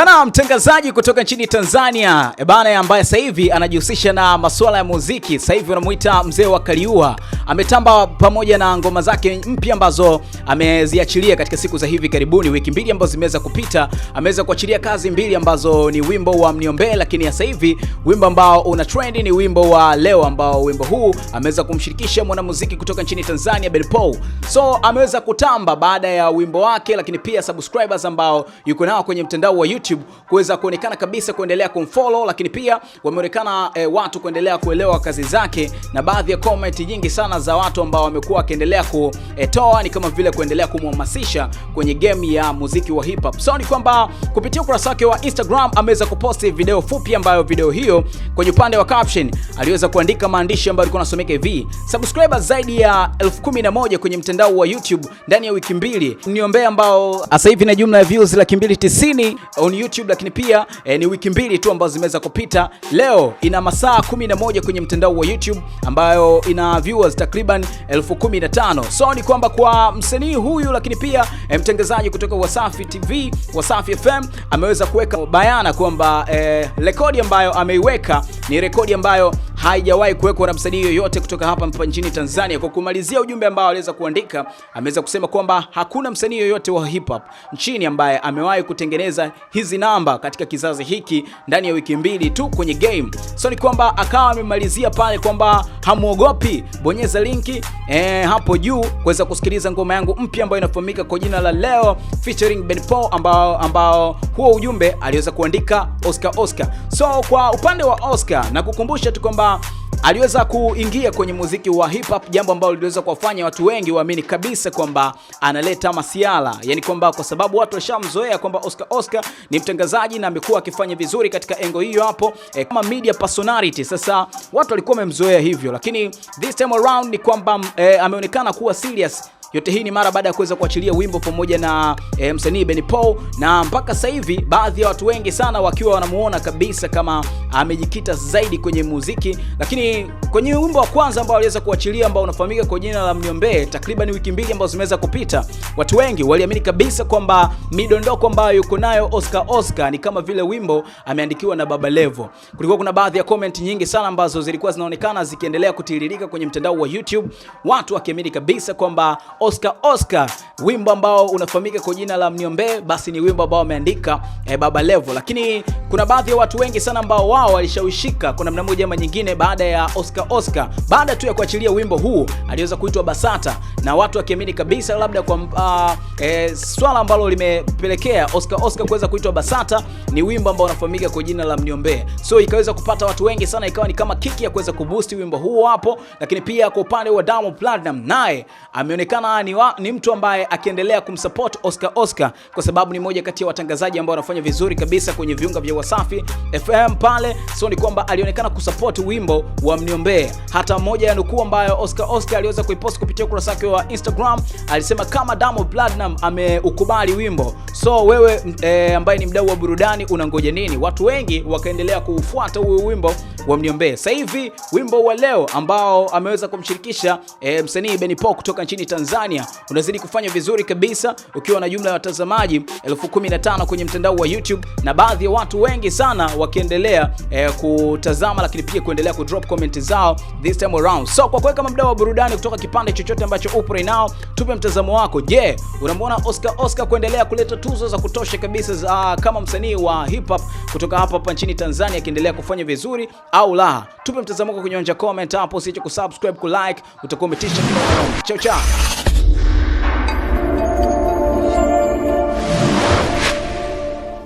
Bana mtangazaji kutoka nchini Tanzania e bana, ambaye sasa hivi anajihusisha na masuala ya muziki, sasa hivi unamuita mzee wa Kaliua, ametamba pamoja na ngoma zake mpya ambazo ameziachilia katika siku za hivi karibuni, wiki mbili ambazo zimeweza kupita. Ameweza kuachilia kazi mbili ambazo ni wimbo wa mniombe, lakini sasa hivi wimbo ambao una trend ni wimbo wa leo, ambao wimbo huu ameweza kumshirikisha mwanamuziki kutoka nchini Tanzania Belpo. So ameweza kutamba baada ya wimbo wake, lakini pia subscribers ambao yuko nao kwenye mtandao wa YouTube YouTube kuweza kuonekana kabisa, kuendelea kumfollow, lakini pia wameonekana e, watu kuendelea kuelewa kazi zake, na baadhi ya comment nyingi sana za watu ambao wamekuwa wakiendelea kutoa eh, ni kama vile kuendelea kumhamasisha kwenye game ya muziki wa hip hop. So ni kwamba kupitia ukurasa wake wa Instagram ameweza kuposti video fupi, ambayo video hiyo kwenye upande wa caption aliweza kuandika maandishi ambayo alikuwa anasomeka hivi: subscribers zaidi ya elfu kumi na moja kwenye mtandao wa YouTube ndani ya wiki mbili, niombee ambao sasa hivi na jumla ya views laki mbili tisini on YouTube, lakini pia e, ni wiki mbili tu ambazo zimeweza kupita. Leo ina masaa 11 kwenye mtandao wa YouTube ambayo ina viewers takriban elfu 15. So ni kwamba kwa msanii huyu lakini pia e, mtengezaji kutoka Wasafi TV, Wasafi FM ameweza kuweka bayana kwamba e, rekodi ambayo ameiweka ni rekodi ambayo haijawahi kuwekwa na msanii yoyote kutoka hapa mpa nchini Tanzania. Kwa kumalizia ujumbe ambao aliweza kuandika, ameweza kusema kwamba hakuna msanii yoyote wa hip hop nchini ambaye amewahi kutengeneza hizi namba katika kizazi hiki ndani ya wiki mbili tu kwenye game. So ni kwamba akawa amemalizia pale kwamba hamuogopi, bonyeza linki eh, hapo juu kuweza kusikiliza ngoma yangu mpya ambayo inafahamika kwa jina la Leo featuring Paul, ambao ambao huo ujumbe aliweza kuandika Oscar Oscar. So kwa upande wa Oscar na kukumbusha tu kwamba aliweza kuingia kwenye muziki wa hip hop, jambo ambalo liliweza kuwafanya watu wengi waamini kabisa kwamba analeta masiala, yani kwamba kwa sababu watu washamzoea kwamba Oscar Oscar ni mtangazaji na amekuwa akifanya vizuri katika engo hiyo hapo, e, kama media personality. Sasa watu walikuwa wamemzoea hivyo, lakini this time around ni kwamba e, ameonekana kuwa serious yote hii ni mara baada ya kuweza kuachilia wimbo pamoja na e, msanii Ben Paul, na mpaka sasa hivi baadhi ya watu wengi sana wakiwa wanamuona kabisa kama amejikita zaidi kwenye muziki, lakini kwenye wimbo wa kwanza ambao aliweza kuachilia ambao unafahamika kwa jina la Mniombee, takriban wiki mbili ambazo zimeweza kupita, watu wengi waliamini kabisa kwamba midondoko ambayo yuko nayo Oscar Oscar ni kama vile wimbo ameandikiwa na Baba Levo. Kulikuwa kuna baadhi ya comment nyingi sana ambazo zilikuwa zinaonekana zikiendelea kutiririka kwenye mtandao wa YouTube, watu wakiamini kabisa kwamba Oscar Oscar, wimbo ambao unafahamika kwa jina la Mniombe, basi ni wimbo ambao ameandika eh, Baba Levo. Lakini kuna baadhi ya watu wengi sana ambao wao walishawishika kwa namna moja ama nyingine baada ya Oscar Oscar, baada tu ya kuachilia wimbo huu aliweza kuitwa BASATA na watu wakiamini kabisa labda kwa uh, eh, swala ambalo limepelekea Oscar Oscar kuweza kuitwa BASATA ni wimbo ambao unafahamika kwa jina la Mniombe. So ikaweza kupata watu wengi sana, ikawa ni kama kiki ya kuweza kuboost wimbo huu hapo, lakini pia kwa upande wa Diamond Platnumz naye ameonekana kama ni, wa, ni mtu ambaye akiendelea kumsupport Oscar Oscar kwa sababu ni moja kati ya watangazaji ambao wanafanya vizuri kabisa kwenye viunga vya Wasafi FM pale, so ni kwamba alionekana kusupport wimbo wa mniombee. Hata moja ya nukuu ambayo Oscar Oscar aliweza kuipost kupitia ukurasa wake wa Instagram alisema kama Diamond Platnumz ameukubali wimbo, so wewe e, ambaye ni mdau wa burudani unangoja nini? Watu wengi wakaendelea kuufuata huyu wimbo wa mniombee. Sasa hivi wimbo wa leo ambao ameweza kumshirikisha e, msanii Benipo kutoka nchini Tanzania Tanzania unazidi kufanya vizuri kabisa ukiwa na jumla ya watazamaji elfu kwenye mtandao wa YouTube na baadhi ya watu wengi sana wakiendelea eh, kutazama lakini pia kuendelea kudrop comment zao this time around. So kwa kuweka kama mdau wa burudani kutoka kipande chochote ambacho upo right now, tupe mtazamo wako. Je, yeah, unamwona Oscar Oscar kuendelea kuleta tuzo za kutosha kabisa za, ah, kama msanii wa hip hop kutoka hapa hapa nchini Tanzania akiendelea kufanya vizuri au la? Tupe mtazamo wako kwenye onja comment hapo, usiache kusubscribe, kulike, utakuwa umetisha. Chao chao.